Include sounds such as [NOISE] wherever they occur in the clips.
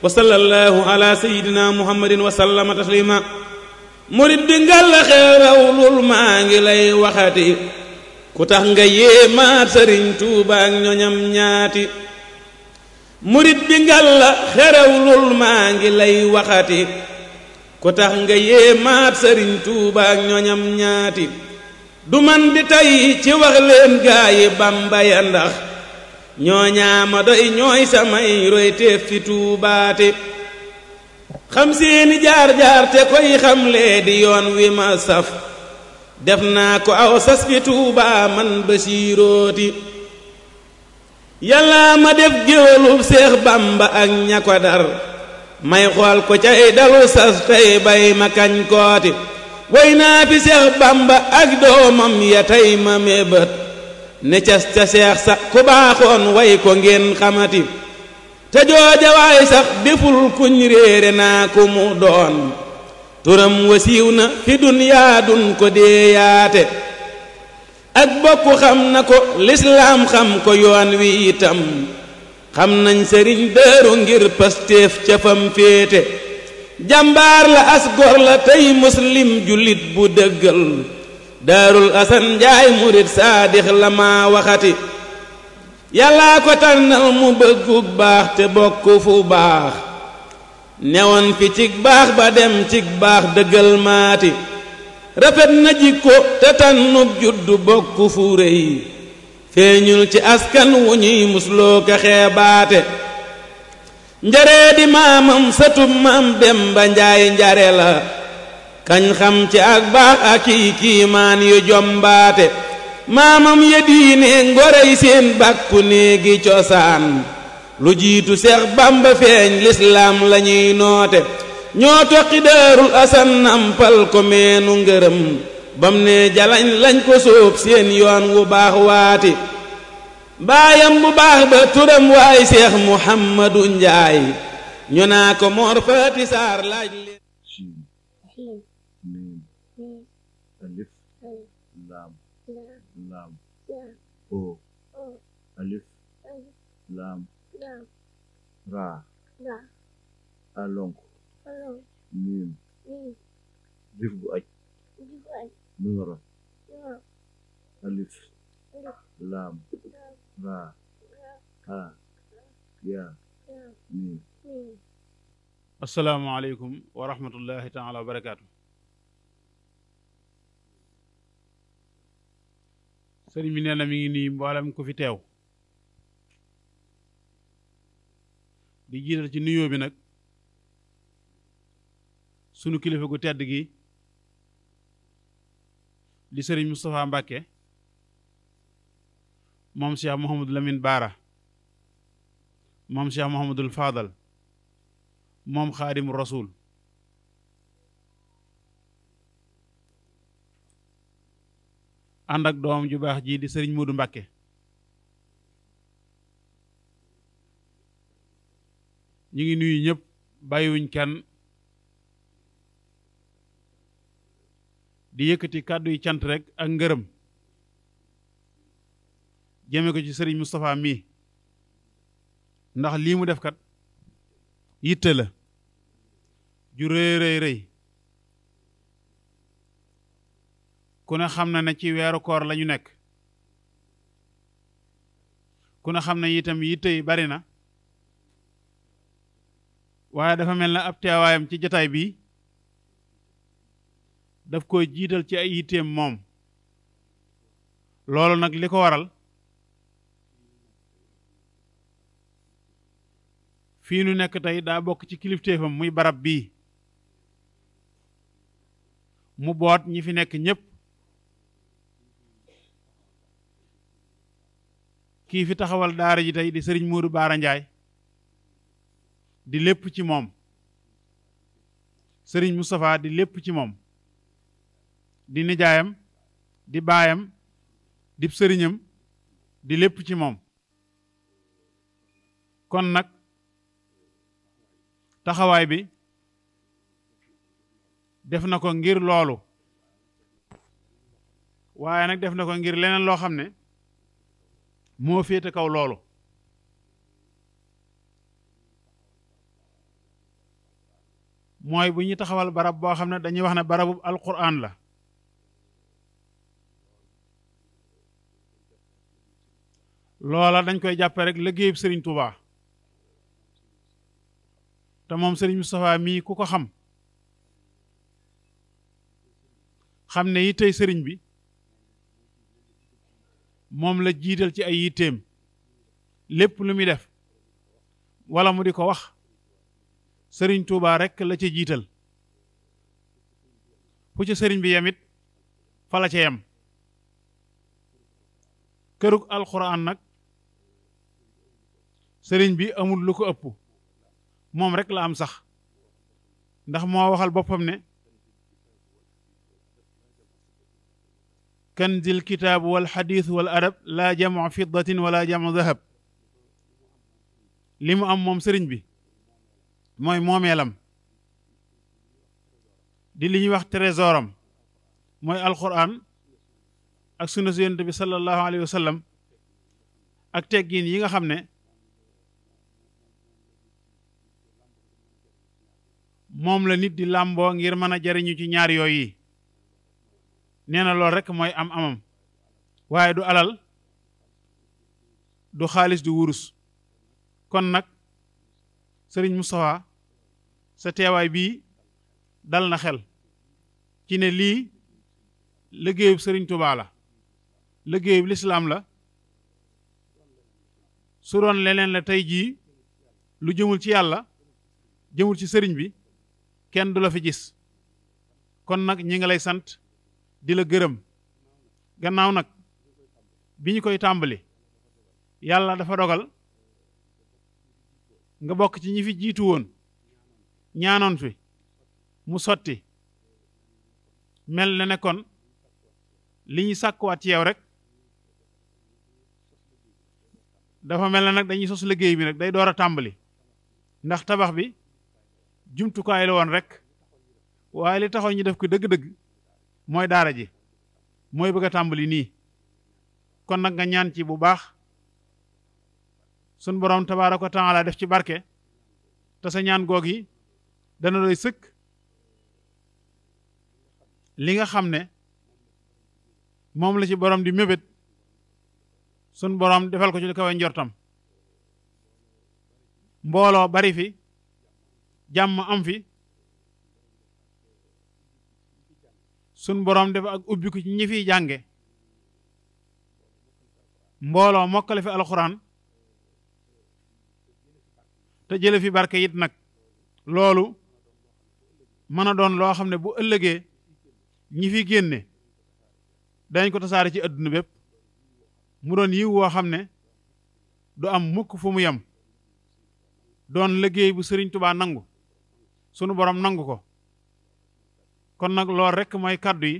wa sallallahu ala sayidina bi ngàlla xeeraw maa ngi lay waxati ku tax nga yéemaat sëriñ tuuba ak ñoñam ñaati murid bi ngàlla xerew maa ngi lay waxati ku tax nga yéemaat sëriñ tuuba ak ñoñam ñaati du man di tey ci wax leen gaayi bamba ya ndax ñooñaa ma doy ñooy samay roy teef fi tuubaate xam seeni jaar-jaar te koy xamlee di yoon wi ma saf def naa ko aw sas fi tuubaa man ba siirooti yàlla ma def géwalub seex bamba ak ña dar may xool ko cay dalu sas tey bay ma kañ kooti woy naa seex bamba ak doomam ya tey ma mébët ne ca seex sa ku baaxoon way ko ngeen xamati te jooja sax deful kuñ réere naa ku mu doon turam wasiiw na fi dunyaa dun ko dee ak bokk xam na ko lislaam xam ko yoon wi itam xam nañ sëriñ dëru ngir pasteef ca fam féete jàmbaar la as la tey muslim jullit bu dëggal daarul asan njaay murit saadix la waxati yàllaa ko tànnal mu bëggu baax te bokk fu baax newoon fi cig baax ba dem cig baax dëggal maati rafet na jikko te tànnub juddu bokk fu rëy feeñul ci askan wu ñuy musloo ka xeebaate njare maamam satub maam dem ba njaay njare kañ xam ci ak baax ak i kiimaan yu jombaate maamam ya diine ngorey seen bàkku néegi cosaan lu jiitu seex bamba feeñ lislaam lañuy noote ñoo toqi daarul asan nampal ko meenu ngërëm bam ne jalañ lañ ko sóob seen yoon wu baax waati baayam bu baax ba turam waay seex muhammadu njaay ñu naa ko moor faati saar laaj leen أو ألف لام را ألونك ميم جيف بو أج نورا ألف لام را ها يا ميم السلام عليكم ورحمة الله تعالى وبركاته sëriñ bi nee na mi ngi nii mboolem ku fi teew di jiital ci nuyoo bi nag sunu kilifa gu tedd gi di sëriñ Moustapha Mbacke moom Cheikh Mouhamadou Lamine Baara moom Cheikh Mouhamadou Fadal moom Xaadim rasuul andak ak doom ju bax ji di serigne Modou Mbacke ñi ngi nuyu ñep bayiwuñ kenn di yëkëti kàddu yi cant rek ak ngërëm jëme ko ci sëriñ mustapha mii ndax lii mu def kat yitte la ju rëy rëy rëy ku ne xam na ne ci weeru koor la ñu nekk ku ne xam ne itam yitte yi bari na waaye dafa mel na ab teewaayam ci jataay bi daf koy jiital ci ay yitteem moom loolu nag li ko waral fii nu nekk tey daa bokk ci kilifteefam muy barab bii mu boot ñi fi nekk ñépp kii fi taxawal daara ji tey di sëriñ Modou Baara Ndiaye di lépp ci moom sëriñ Moustapha di lépp ci moom di nijaayam di baayam di sëriñam di lépp ci moom kon nag taxawaay bi def na ko ngir loolu waaye nag def na ko ngir leneen loo xam ne moo féete kaw loolu mooy bu ñu taxawal barab boo xam ne dañuy wax ne barabu alquran la loola dañ koy jàppe rek liggéeyub sëriñ Touba te moom sëriñ Moustapha mii ku ko xam xam ne yi tey sëriñ bi moom la jiital ci ay yitteem lépp lu muy def wala mu di ko wax sëriñ Tuubaa rekk la ca jiital fu ca sëriñ bi yamit fa la ca yem kërug alxuraan nag sëriñ bi amul lu ko ëpp moom rekk la am sax ndax moo waxal boppam ne كان كنز الكتاب والحديث والأرب لا جمع فضة ولا جمع ذهب لم أم مم سرنج بي موي موم يلم دي لي نيوخ تريزورم موي القرآن اك سنة زيون صلى الله عليه وسلم اك تيغين ييغا خامني موم دي لامبو غير مانا جاريني سي نيار يوي nee na rek mooy am amam waaye du alal du xaalis du wurus kon nag sëriñ Moustapha sa teewaay bii dal na xel ci ne lii liggéeyub sëriñ Tuubaa la liggéeyub lislaam la su doon leneen la tey jii lu jëmul ci yàlla jëmul ci sëriñ bi kenn du la fi gis kon nag ñi nga lay sant di gërëm gannaaw nag bi ñu koy tàmbali yàlla dafa dogal nga bokk ci ñi fi jiitu woon ñaanoon fi mu sotti mel na ne li ñu sàkkuwaat ci yow rek dafa mel na nag dañuy sos liggéey bi nag day door a tàmbali ndax tabax bi jumtukaay la woon rek waaye li taxoon ñu def ko dëgg-dëgg moy daara ji moy bëgg tambali ni kon nak nga ñaan ci bu baax sun borom tabaaraku taala def ci barke te sa ñaan gogi dana lay sëkk li nga mom la ci borom di mebet sun borom defal ko ci kaway njortam mbolo bari fi jam am fi sun boroom def ak ubbi ko ci ñi fiy jànge mbooloo mokkale fi alxuraan te jële fi barke it nag loolu mën a doon loo xam ne bu ëllëgee ñi fi génne dañ ko tasaare ci adduna bépp mu doon yiw woo xam ne du am mukk fu mu yem doon liggéey bu sëriñ tubaa nangu sunu borom nangu ko kon nak lool rek moy kaddu yi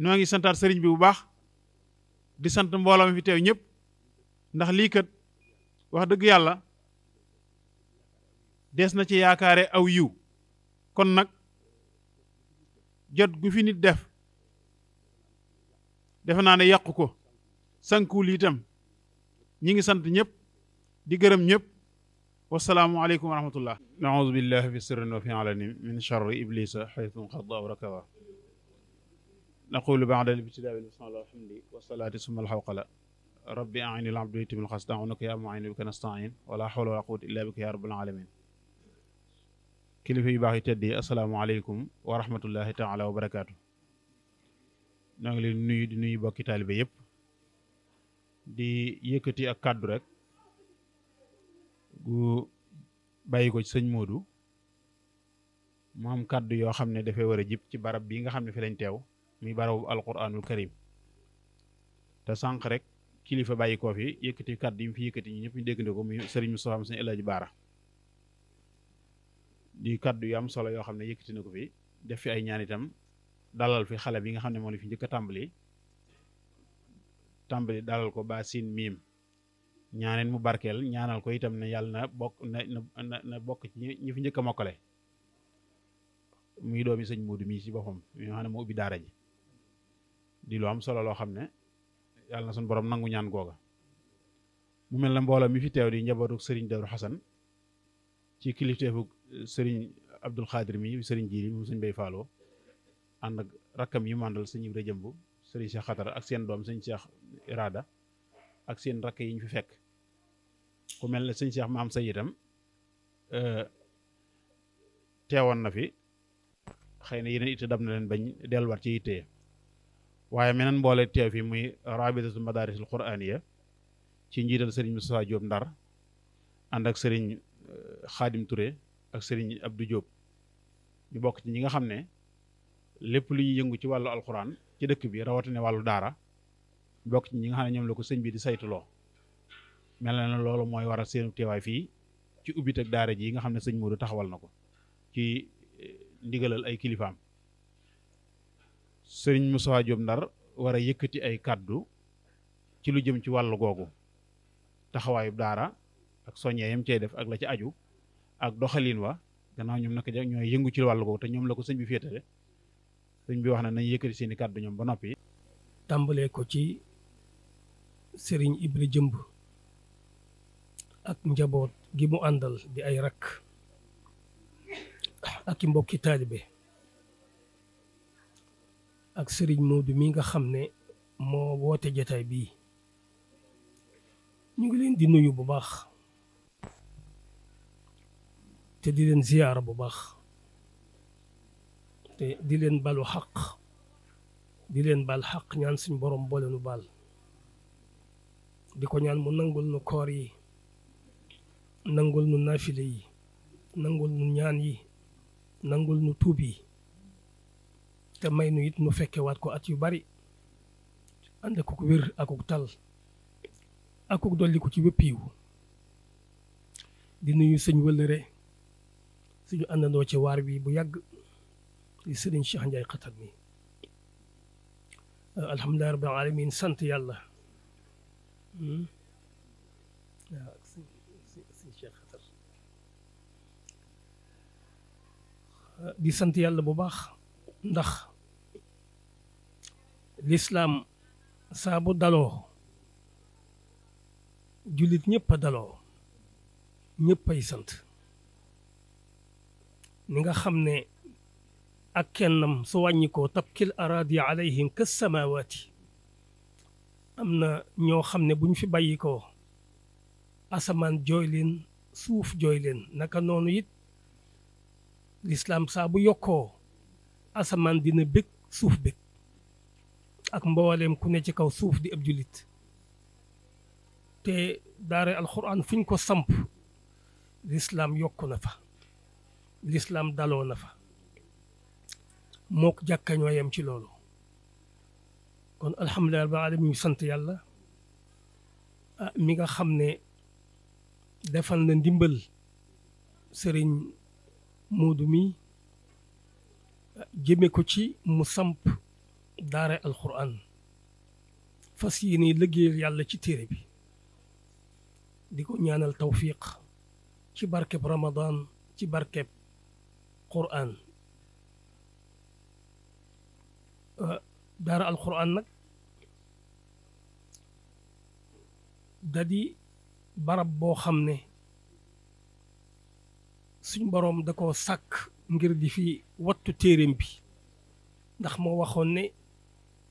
noo ngi santaat sëriñ bi bu baax di sant mbooloo mi fi teew ñëpp ndax lii kat wax dëgg yàlla des na ci yaakaare aw yiw kon nag jot gu fi nit def def naa ne yàqu ko li itam ñi ngi sant ñëpp di gërëm ñëpp والسلام عليكم ورحمة الله نعوذ بالله في سر وفي علن من شر إبليس حيث انقضى وركض نقول بعد الابتداء بالبسم الله والحمد والصلاة ثم الحوق لا ربي أعني العبد يتم الخصد أعونك يا معين بك نستعين ولا حول ولا قوة إلا بك يا رب العالمين كل في باهي تدي السلام عليكم ورحمة الله تعالى وبركاته نقول نيد نيد باكي طالب يب دي يكتي أكاد رك gu bàyyi ko ci sëñ Moodu mu am kàddu yoo xam ne dafay wara a jib ci barab bi nga xam ne fi lañ teew muy barabu alquranul karim te sànq rek kilifa bàyyi koo fi yëkkati kàddu yi mu fi yëkkati ñu ñëpp ñu déggante ko muy sëriñ Moustapha am sëñ El Baara di kàddu yu am solo yoo xam ne yëkkati na ko fi def fi ay ñaan itam dalal fi xale bi nga xam ne moo ne fi njëkk a tàmbali tàmbali dalal ko ba siin miim ñaaneen mu barkeel ñaanal ko itam ne yàlla na bokk na na bokk ci ñi fi njëkk a mokkale muy doomi sëñ Moodu mi ci boppam mi nga xam ne moo ubbi daara ji di lu am solo loo xam ne yàlla na suñu borom nangu ñaan googa mu mel na mbooloo mi fi teew di njabootu sëriñ Darou Xasan ci kilifteefu eh, sëriñ Abdul Xaadir mi sëriñ Jiiri mu sëñ Bay Falloo ànd ak rakkam yi màndal sëñ Ibra sëriñ Cheikh Xatar ak seen doom sëñ seex Irada ak seen rakk yi ñu fi fekk ku mel na sëñ Cheikh Maam Say itam euh, teewoon na fi xëy na yeneen itte dab na leen bañ delluwaat ci ittee waaye meneen mboole teew fi muy rabitatu madarisul quraaniya ci njiital sëriñ Moussa Diop Ndar ànd ak sëriñ euh, Xaadim Touré ak sëriñ Abdou Diop ñu bokk ci ñi nga xam ne lépp lu ñuy yëngu ci wàllu alxuraan ci dëkk bi rawatina wàllu daara bokk ci ñi nga xam ne ñoom la ko sëñ bi di saytuloo mel na ne loolu mooy waral seenu teewaay fii ci ubbiteg daara ji yi nga xam ne sëñ Modou taxawal na ko ci eh, ndigalal ay kilifaam sëriñ Moussa Diop Ndar war a yëkkati ay kàddu ci lu jëm ci wàllu googu taxawaayu daara ak soññee yam cey def ak la ci aju ak doxalin wa gannaaw ñoom naka ja ñooy yëngu ci wàllu googu te ñoom la ko sëñ bi féetale sëñ bi wax na nañ yëkkati seeni kàddu ñoom ba noppi. tàmbalee ko ci sëriñ Ibra Jëmb ak njaboot gi mu àndal di ay rakk ak i mbokki taalibe ak sëriñ Moodu mi nga xam ne moo woote jataay bii ñu ngi leen di nuyu bu baax te di leen ziyaara bu baax te di leen balu xaq di leen bal xaq ñaan suñ borom boole nu baal di ko ñaan mu nangul nu koor yi nangul nu naafile yi nangul nu ñaan yi nangul nu tuub yi te may nu it nu fekkewaat ko at yu bari ànd akuk wér akuk tal akuk dolliku ci wépp yiw di nuyu sëñ wëllëre suñu àndandoo ci waar wi bu yàgg di sëriñ mi alhamdulilah alamin sant yàlla hmm? di sant yàlla bu baax ndax lislaam saa bu daloo julit ñëpp a daloo ñëpp ay sant ni nga xam ne ak kennam su wàññikoo tabkil aradi alayhim ka samawaati am na ñoo xam ne fi bàyyikoo asamaan jooy leen suuf jooy leen naka noonu it l'islam sa bu yokko asaman dina bég suuf bég ak mbooleem ku ne ci kaw suuf di ab te daare alquran fu ko samp l'islam yokku na fa l'islam daloo na fa mook jàkka yem ci loolu kon alhamdulilah rabbil alamin ñu sant yàlla mi nga xam ne defal na ndimbal sëriñ مودمي جيمي كوشي مصمب دار القران فاسيني لغير يالا سي تيري التوفيق سي رمضان سي قران دار القران نك دادي برب بو suñ borom da ko sàkk ngir di fi wattu téeréem bi ndax moo waxoon ne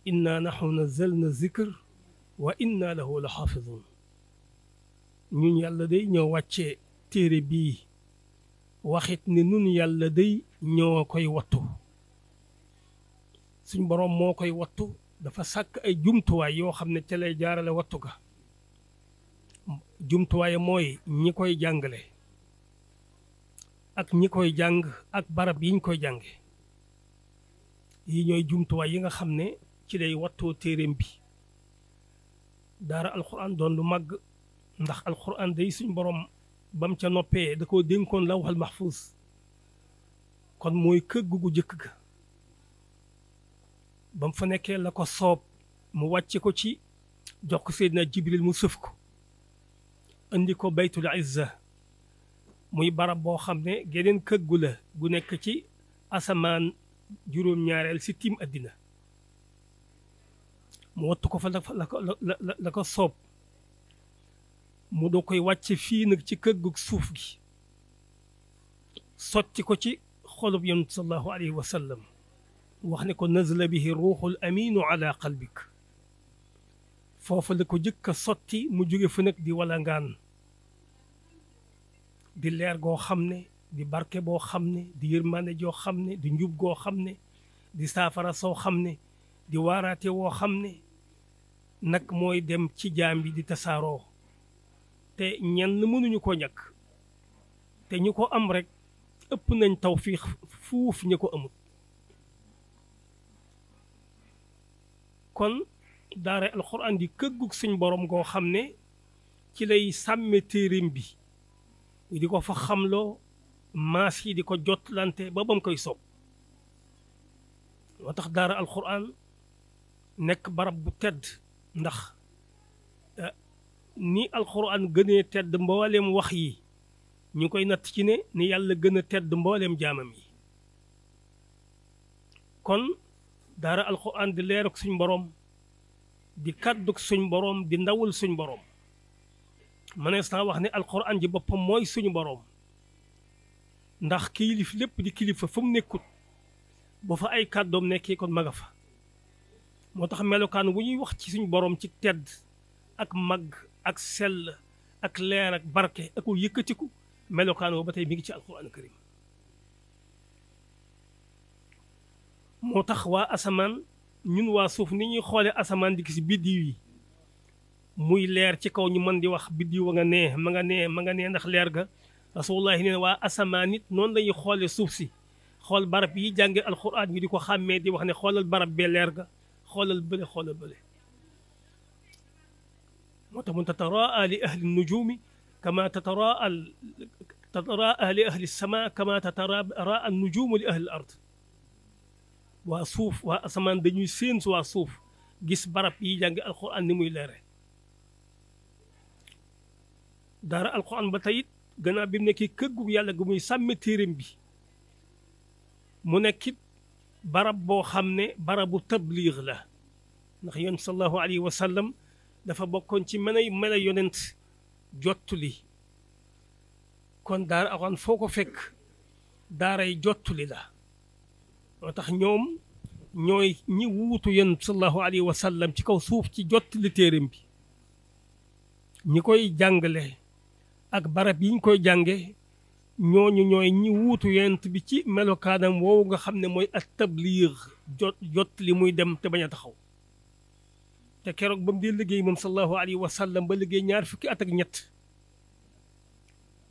inna nahnu nazzalna zikr wa inna lahu la xaafidun ñun yàlla day ñoo wàccee téere bii waxit ne nun yàlla day ñoo koy wattu suñ borom moo koy wattu dafa sàkk ay jumtuwaay yoo xam ne ca lay jaarale wattu ga jumtuwaay mooy ñi koy jàngale ak ñi koy jàng ak barab yi yiñ koy jànge yi ñooy jumtuwaay yi nga xam ne ci lay wattoo téeréem bi daara alquran doon lu mag ndax alquran day suñ borom bam ca noppee da koo dénkoon lawhal mahfuz kon mooy këgg gu jëkk ga bam fa nekkee la ko soob mu wàcce ko ci jox ko seydina jibril mu sëf ko indi ko baytul izza muy barab boo xam ne geneen këggu la gu nekk ci asamaan juróom-ñaareel si tiim àddina mu wattu ko fa la la la ko soob mu do koy wàcc fii nag ci këggu suuf gi sotti ko ci xolub yonent sallallahu alayhi wa sallam wax ne ko nazla bihi ruuxul aminu ala qalbik foofa la ko jëkk a sotti mu jóge fa nag di walangaan di leer goo xam ne di barke boo xam ne di yërmande joo xam ne di njub goo xam ne di saafara soo xam ne di waaraate woo xam ne nag mooy dem ci jaam bi di tasaaroo te ñenn mënuñu ko ñàkk te ñu ko am rekk ëpp nañ tawfiix fuuf ñi ko amut kon daara alxuraan di këggug suñ borom goo xam ne ci lay sàmme téerim bi di ko fa xamloo maas yi di ko jotlante ba bam koy sob moo tax daara alquran nekk barab bu tedd ndax ni alquran gënee tedd mbooleem wax yi ñu koy natt ci ne ni yàlla gën a tedd mbooleem jaamam yi kon daara alquran di leeruk suñ boroom di kàdduk suñ boroom di ndawul suñ boroom mënees naa wax ne alxuraan ji boppam mooy suñu boroom ndax kilif lépp di kilifa fa mu nekkut ba fa ay kàddoom nekkee kon maga fa moo tax melokaan wu ñuy wax ci suñu boroom ci tedd ak mag ak sell ak leer ak barke ak yëkkatiku melokaan woo ba tey mi ngi ci alxuraan karim moo tax waa asamaan ñun waa suuf ni ñuy xoolee asamaan di gis biddiw yi muy leer ci kaw ñu mën di wax biddiw wa nga nee ma nga nee ma nga nee ndax leer ga rasulullah nee wa waa asamaan it noonu suuf ci xol barab yi jànge alquran ñu di ko xàmmee di wax ne xolal barab be leer ga xoolal bële xolal bële moo mun tataraa li ahli nujumi kama tataraa tataraa li ahli sama kama tataraa an nujum li ahli ard wa suuf wa asamaan dañuy séen suuf gis barab yi jànge alquran ni muy leere dara alquran ba tayit gëna gannaaw bi mu nekkee kër yàlla gumuy sàmmi tirim bi mu nekkit barab bo xamne barabu tabligh la ndax yunus sallallahu alayhi wa sallam dafa bokkon ci mën ay yonent jotuli kon dara alquran foko ko dara ay jotuli la motax ñoom ñi wutu yunus sallallahu alayhi wa sallam ci kaw suuf ci jotuli tirim bi ñi koy jàngale ak barab yiñ koy jànge ñooñu ñooy ñi wuutu yent bi ci melokaanam woowu nga xam ne mooy jot jot li muy dem te bañ a taxaw te keroog ba mu dee liggéey moom sallallahu alayhi wa sallam ba liggéey ñaar fukki at ak ñett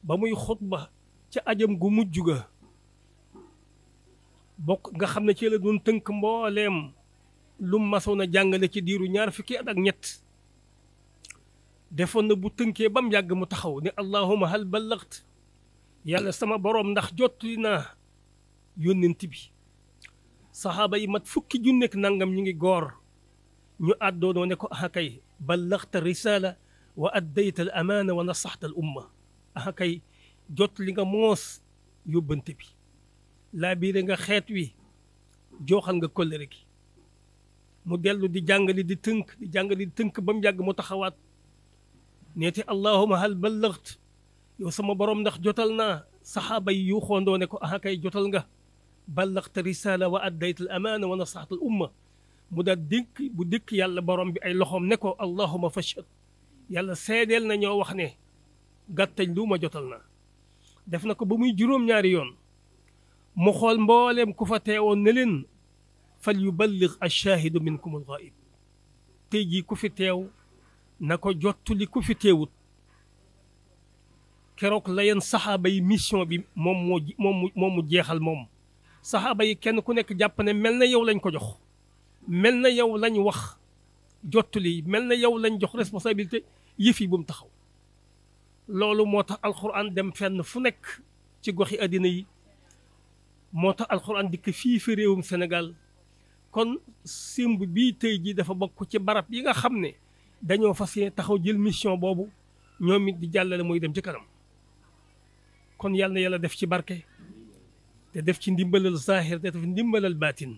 ba muy xutba ci ajam gu mujj ga bokk nga xam ne ci la doon tënk mbooleem lu masoon a jàngale ci diiru ñaar fukki at ak ñett defoon na bu tënkee ba mu yàgg mu taxaw ne allahuma hal ballagt yàlla sama boroom ndax jottali naa yónnent bi saxaaba yi mat fukki junneeg nangam ñu ngi goor ñu àddoonoo ne ko ahakay ballagta risala wa addayta al amaana wa nasaxta al umma ahakay jot li nga moos yóbbante bi laa biire nga xeet wi jooxal nga kóllëre gi mu dellu di jàngali di tënk di jàngale di tënk ba yàgg mu taxawaat نيتي اللهم هل بلغت يو سما بروم نخ جوتالنا صحابه يو خوندو نيكو اها كاي جوتالغا بلغت رساله واديت الامانه ونصحت الامه مودا ديك بو ديك يالا بروم بي اي لوخوم نيكو اللهم فشل يالا سيدل نيو واخني غاتاج دوما جوتالنا ديف نكو بومي جوروم نياري يون مو خول مبولم كوفا تيون نلين فليبلغ الشاهد منكم الغائب تيجي كوفي تيو na ko jottuli ku fi teewut keroog la yeen saxaaba yi mission bi moom moo moom moom mu jeexal moom saxaaba yi kenn ku nekk jàpp ne mel na yow lañ ko jox mel na yow lañ wax jottuli mel na yow lañ jox responsabilité yëf yi bu mu taxaw loolu moo tax alxuraan dem fenn fu nekk ci goxi àddina yi moo tax alxuraan dikk fii fi réewum Sénégal kon simb bii tey jii dafa bokk ci barab yi nga xam ne dañoo fas yéene taxaw jël mission boobu ñoom it di jàllale mooy dem ci kanam kon yàlla na yàlla def ci barke te def ci ndimbalal zahir te def ndimbalal batin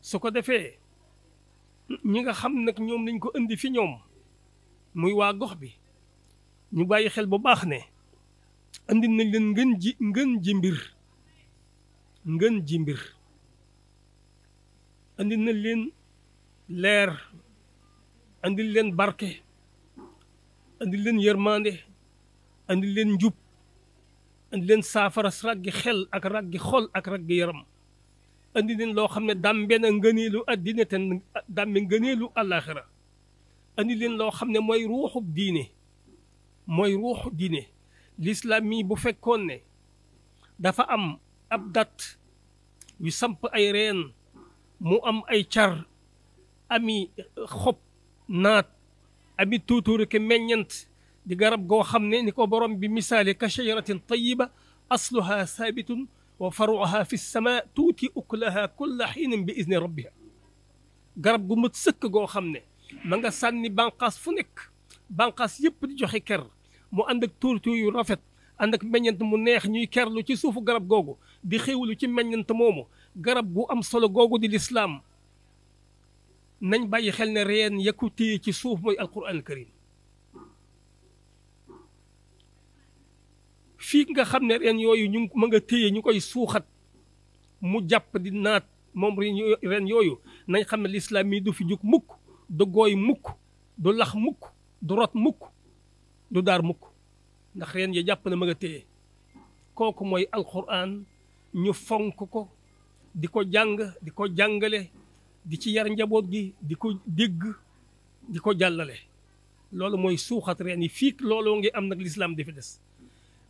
su ko defee ñi nga xam nag ñoom lañ ko indi fi ñoom muy waa gox bi ñu bàyyi xel bu baax ne andi nañ leen ngën ji ngën ji mbir ngën ji mbir andi nañ leen leer andil leen barke andil leen yërmande andil leen njub andil leen saafara raggi xel ak raggi xol ak raggi yaram andi leen loo xam ne dàmbe na ngëneelu addina te dàmbe ngëneelu àllaaxira andi leen loo xam ne mooy ruuxu diine mooy ruuxu diine lislaam mii bu fekkoon ne dafa am ab dat yu samp ay reen mu am ay car ami xob naat amit tuutuurike meññant di garab goo xam ne ni ko borom bi misaale ka shajaratin tayiba asluha saabitun wa faruha fi sama tuuti ukulaha kulla xiinin bi izni rabbiha garab gu mët sëkk goo xam ne ma nga sànni banqaas fu nekk banqaas yépp di joxe ker mu ànd ak tuurtuur yu rafet ànd ak meññant mu neex ñuy kerlu ci suufu garab googu di xéwlu ci meññant moomu garab gu am solo googu di lislaam nañ bàyyi xel ne reen ya téye ci suuf mooy alquran karim fii nga xam ne reen yooyu ñu ma nga téye ñu koy suuxat mu jàpp di naat moom reen yooyu nañ xam ne lislaam yi du fi jug mukk du gooy mukk du lax mukk du rot mukk du daar mukk ndax reen ya jàpp na ma téye kooku mooy alquran ñu fonk ko di ko jàng di ko jàngale di ci yar njaboot gi di ko dégg di ko jàllale loolu mooy suuxat reen yi fii looloo ngi am nag lislaam di des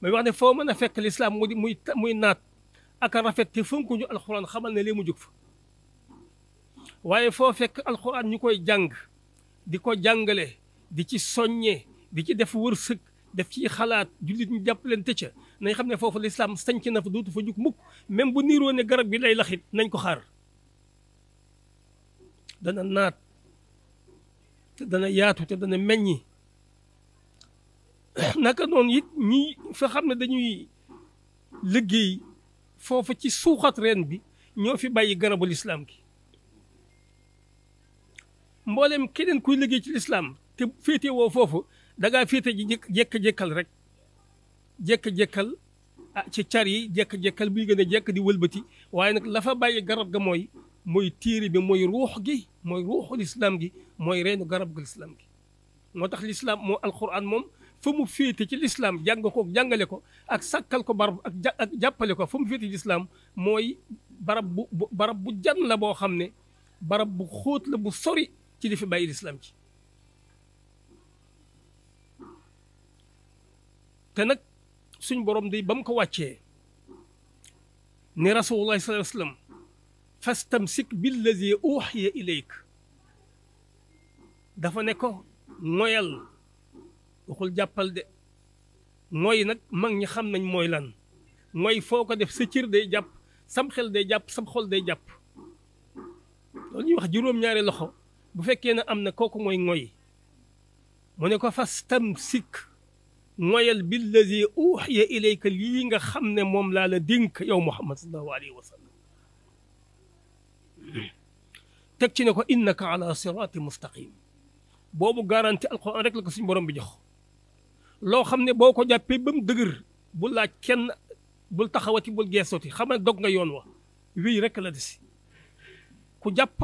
may wax ne foo mën a fekk lislaam mu muy muy naat ak a rafet te fënkuñu alxuraan xamal ne lee mu jóg fa waaye foo fekk alxuraan ñu koy jàng di ko jàngale di ci soññee di ci def wërsëg def ci xalaat jullit ñu jàppalante ca nañ xam ne foofu lislaam sañc na fa dootu fa jug mukk même bu niiroo ne garab bi lay laxit nañ ko xaar dana naat te dana yaatu te dana meññi [CLEARS THROAT] naka noonu it ñi fa xam ne dañuy liggéey foofu ci suuxat reen bi ñoo fi bàyyi garabu lislaam gi mboolem keneen kuy liggéey ci lislaam te féete woo foofu dangaa féete ji jekk-jekkal rek jekk-jekkal ah ci car yi jekk-jekkal buy gën a jekk di walbati waaye nag lafa bay garab ga mooy mooy téere bi mooy ruux gi mooy ruuxu lislaam gi mooy reenu garab gi lislaam gi moo tax lislaam moo alquran moom fa mu féete ci lislaam jàng ko jàngale ko ak sàkkal ko barab ak ak jàppale ko fa mu féete ci lislaam mooy barab bu barab bu jan la boo xam ne barab bu xóot la bu sori ci li fi bàyyi lislaam ci te nag suñ borom day ba mu ko wàccee ni rasulullah sallallahu alayhi wa sallam فاستمسك بالذي اوحي اليك دا فا نيكو نويال وخول جابال دي نوي نك ماغ ني خام نان موي لان نوي فوكو ديف سيتير دي جاب سام خيل دي جاب سام خول دي جاب لول ني واخ جيروم نياري لوخو بو فكي نا امنا كوكو موي نوي مو نيكو فاستمسك نويال بالذي اوحي اليك ليغا خام موم لا لا دينك يا محمد صلى الله عليه وسلم teg ci ne ko innaka ala siraatin mustaqim boobu garanti alxuraan rek la ko suñu borom bi jox loo xam ne boo ko jàppee ba mu dëgër bul laaj kenn bul taxawati bul geesoti xam ne dog nga yoon wa wéy rek la des ku jàpp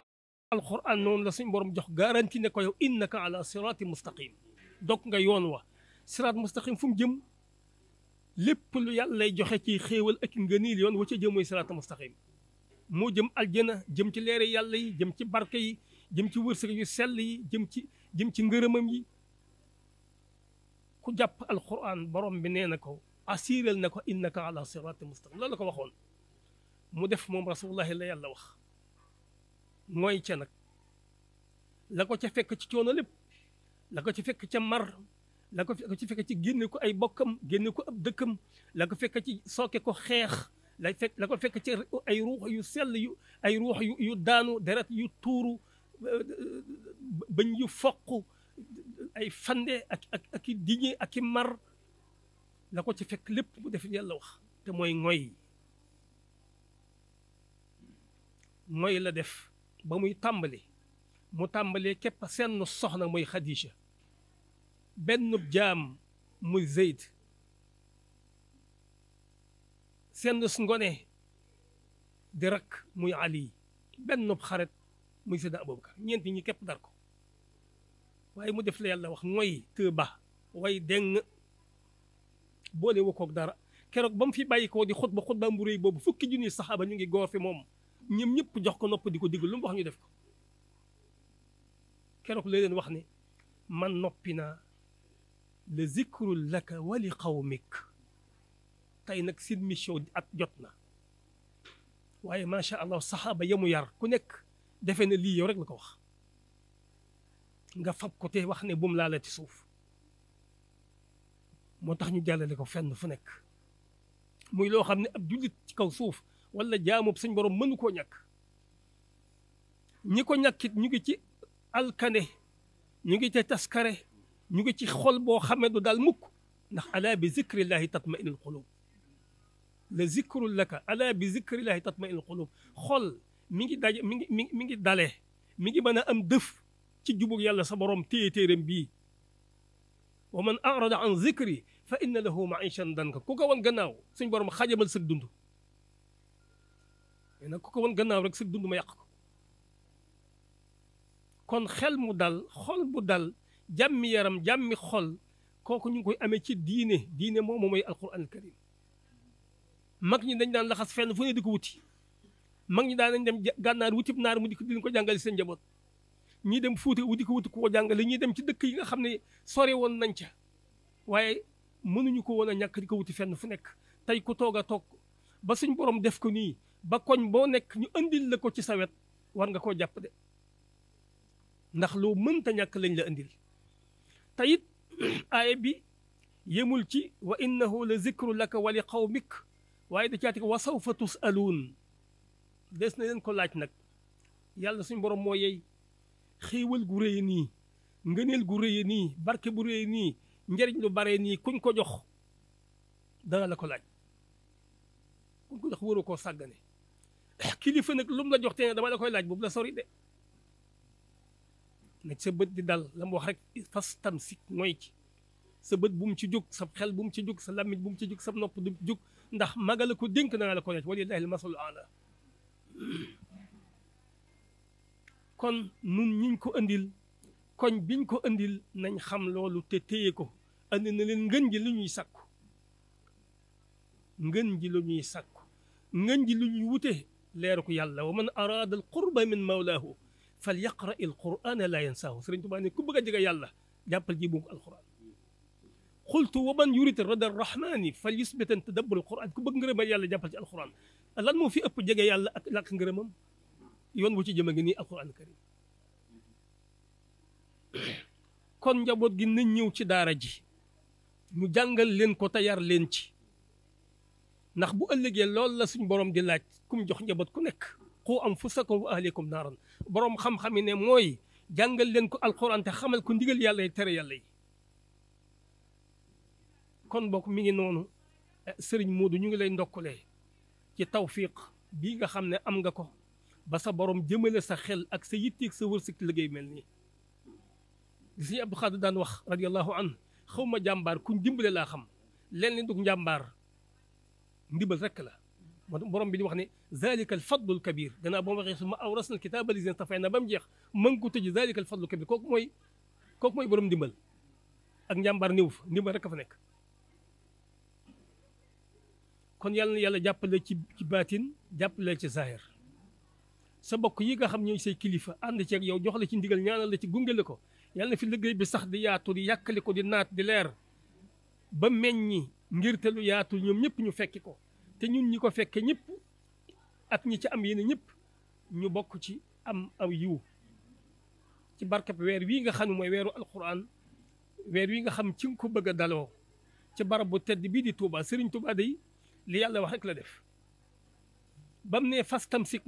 alxuraan noonu la suñu borom jox garanti ne ko yow innaka ala siraatin mustaqim dog nga yoon wa siraat mustaqim fu mu jëm lépp lu yàlla joxe ci xéewal ak ngëniil yoon wa ca jëm mooy mustaqim mo jëm aljana jëm ci léré yàlla yi jëm ci barke yi jëm ci wërsëg yu sell yi jëm ci jëm ci ngeureumam yi ku jàpp alquran borom bi nee ko asiral nako innaka ala siratin mustaqim loolu ko waxon mu def mom rasulullah la yàlla wax moy ci nak la ko ci fekk ci ciono lépp la ko ci fekk ci mar la ko ci fekk ci génne ko ay bokkam génne ko ab dëkkam la ko fekk ci soké ko xex lay fekk la ko fekk ci ay ruux yu sell yu ay ruux yu yu daanu deret yu tuuru bañ yu foq ay fande ak ak ak i diñe ak i mar la ko ci fekk lépp mu def yàlla wax te mooy ngoy ngoy la def ba muy tàmbali mu tàmbalee képp seen soxna muy xadija benn jaam muy zeyd sennus ngone di rakk muy ali benn xarit muy Seydina Aboubacar ñeenti ñi képp dar ko waaye mu def la yàlla wax mooy te ba way deng boole wu koog dara keroog ba mu fi bàyyi koo di xutba xutba mbu réy boobu fukki junni saxaaba ñu ngi goor fi moom ñoom ñëpp jox ko nopp di ko lu wax ñu def ko keroog lay leen wax ne man noppi naa zikru laka wa li qawmik tey nag seen mission at jotna na waaye macha allah sahaba yamu yar ku nekk defe na yow rek la wax nga fab ko te wax ne bum laala ci suuf moo tax ñu jàllale ko fenn fu nekk muy loo xam ne ab jullit ci kaw suuf wala jaamub suñ borom mënu koo ñàkk ñi ko ñàkkit ñu ngi ci alkane ñu ngi ci taskare ñu ngi ci xol boo xamee du daal mukk ndax ala bi zikrillahi tatma qulub لذكر لك الا بذكر الله تطمئن القلوب خول ميغي داج ميغي ميغي دالي ميغي مانا ام دف تي جوبوك يالا سا بروم تي تيرم بي ومن اعرض عن ذكري فان له معيشا ضنكا كوكا وان غناو سيني بروم خاجمال سك دوندو انا كوكا وان غناو رك سك دوندو ما يقك كون خيل مو دال خول بو دال جامي يرم جامي خول كوكو نينكوي امي تي ديني ديني مو موي القران الكريم magni dañ dañ la xass fenn fu ne diko wuti magni dan daan dem gànnaar wuti naar mu di ko ko jàngal seen jabot ñi dem fuuta wuti ko wuti ko jangal ñi dem ci dëkk yi nga xam sori won nañ ca waaye mënuñu ko wona ñak diko wuti fenn fu nek tay ku toga tok ba suñ borom def ko ni ba koñ bo nek ñu andil la ko ci sawet war nga ko jàpp de ndax loo mënta ñak lañ la andil tayit ay bi yemul ci wa innahu la zikru laka wa li qawmik waaye da caatik wa sawfa tusaluun des na leen ko laaj nag yàlla suñu borom moo yey xéewal gu réy nii ngëneel gu réy nii barke bu réy nii njariñ lu bare nii kuñ ko jox dana la ko laaj kuñ ko jox wëru koo sàggane [CLEARS THROAT] kilifa nag lu mu la jox te ne la koy laaj boobu la sori de nag sa bët di dal la mu wax rek fas tam si mooy ci sa bët bu mu ci jóg sa xel bu mu ci jóg sa làmmiñ bu mu ci jóg sa nopp jóg ndax magaliku dénk naa la ko nekk walillahi almasalul aala kon nun ñiñ ko andil koñ biñ ko andil nañ xam loolu te téye ko andi na leen ngën ji lu ñuy sàkku ngën ji lu ñuy sàkku ngën ji lu ñuy wute leeru ko yàlla wa man araada al qurba min mawlaahu fal yaqra al qur'ana la yansaahu sëriñ tubaa ne ku bëgg a jege yàlla jàppal ji bu alquran قلت ومن يريد الرد الرحمن فليثبت تدبر القران كو بغ ما يالا جابال سي القران لان مو في اوب جيغا يالا لاك غريمم يون بوتي جيما غني القران الكريم كون جابوت غي نيو سي دارا جي مو جانغال لين كو تيار لين سي نخ بو الليغي لول لا سيني بوروم دي لاج كوم جوخ جابوت كو نيك قو ام فسكم واهليكم نارن بوروم خم خامي ني موي جانغال لين كو القران تي كو نديغال يالا تري يالا kon bokk mi ngi noonu sëriñ Moodu ñu ngi lay ndokkulee ci tawfiq bi nga xam ne am nga ko ba sa borom jëmale sa xel ak sa yitteeg sa wërsëg liggéey mel nii li sëñ Abdou Khadre daan wax radiyallahu an xaw ma jàmbaar kuñ dimbale laa xam lenn dug njàmbaar ndibal rek la borom bi di wax ni zalika alfadlul kabir gannaaw ba mu waxee suma awrasna alkitaba li stafayna ba mu jeex mën ko tëj zalika alfadlul kabir kooku mooy kooku mooy borom ndimbal ak njàmbaar néew fa ndimbal rekk fa nekk kon yàlla na yàlla ci ci baatin jàppale ci zahir sa bokk yi nga xam ñooy sey kilifa ànd ceeg yow jox la ci ndigal ñaanal la ci gunge ko yàlla fi liggéey bi sax di yaatu di yàkkali ko di naat di leer ba meññi ngir te lu yaatu ñoom ñëpp ñu fekki ko te ñun ñi ko fekke ñëpp ak ñi ci am yéen ñëpp ñu bokk ci am aw yiw ci barkab weer wii nga xam ne mooy weeru alxuraan weer wi nga xam ci nga ko bëgg a daloo ci barab bu tedd bii di Touba sëriñ Touba day li yàlla wax rek la def ne mu ne fastamsik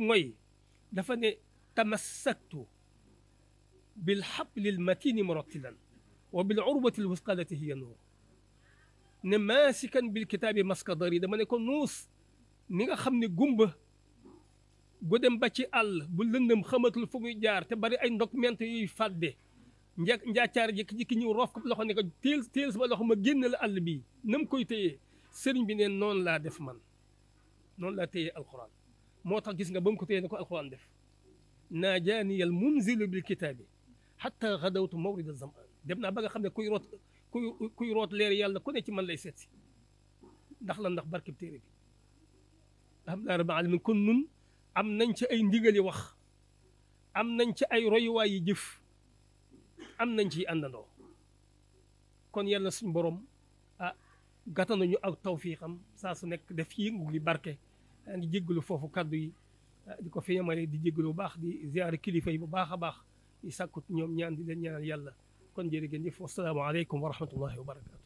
dafa ne tamassaktu bil xablil matini murattilan wa bil urwati l wusqa lati hiya nuur ne maasikan bil kitaabi maska dari dama ne ko nuus ni nga xam ne gumba bu dem ba ci àll bu lëndëm xamatul fu muy jaar te bari ay ndog ment yuy fàdde njaacaar jékki-jékki ñëw roof ko loxo ne ko téel téel loxo ma génn la àll bii nam koy téyee سيرن بي نون لا ديف مان نون لا تيي القران موتا غيس بام كو نكو القران ديف ناجاني المنزل بالكتاب حتى غدوت مورد الزمان دبنا باغا خامني كوي روت كوي روت لير يالا كوني تي مان لاي سيتي داخ لا ناخ بارك تيري ام لا رب العالمين ام نانتي اي نديغالي واخ ام نانتي اي روي واي جيف ام نانتي اندانو كون يالا سن بروم gàttanañu ak tawfiixam saa su nekk def yëngu gi barke di jéggalu foofu kaddu yi eh, di ko feeñamale di jéggalu bu baax di ziare kilifa yi bu baax a baax di sàkku ñoom ñaan di leen ñaanal yàlla kon jërë ngeen jëf wasalaamaaleykum wa rahmatullahi wa barakatu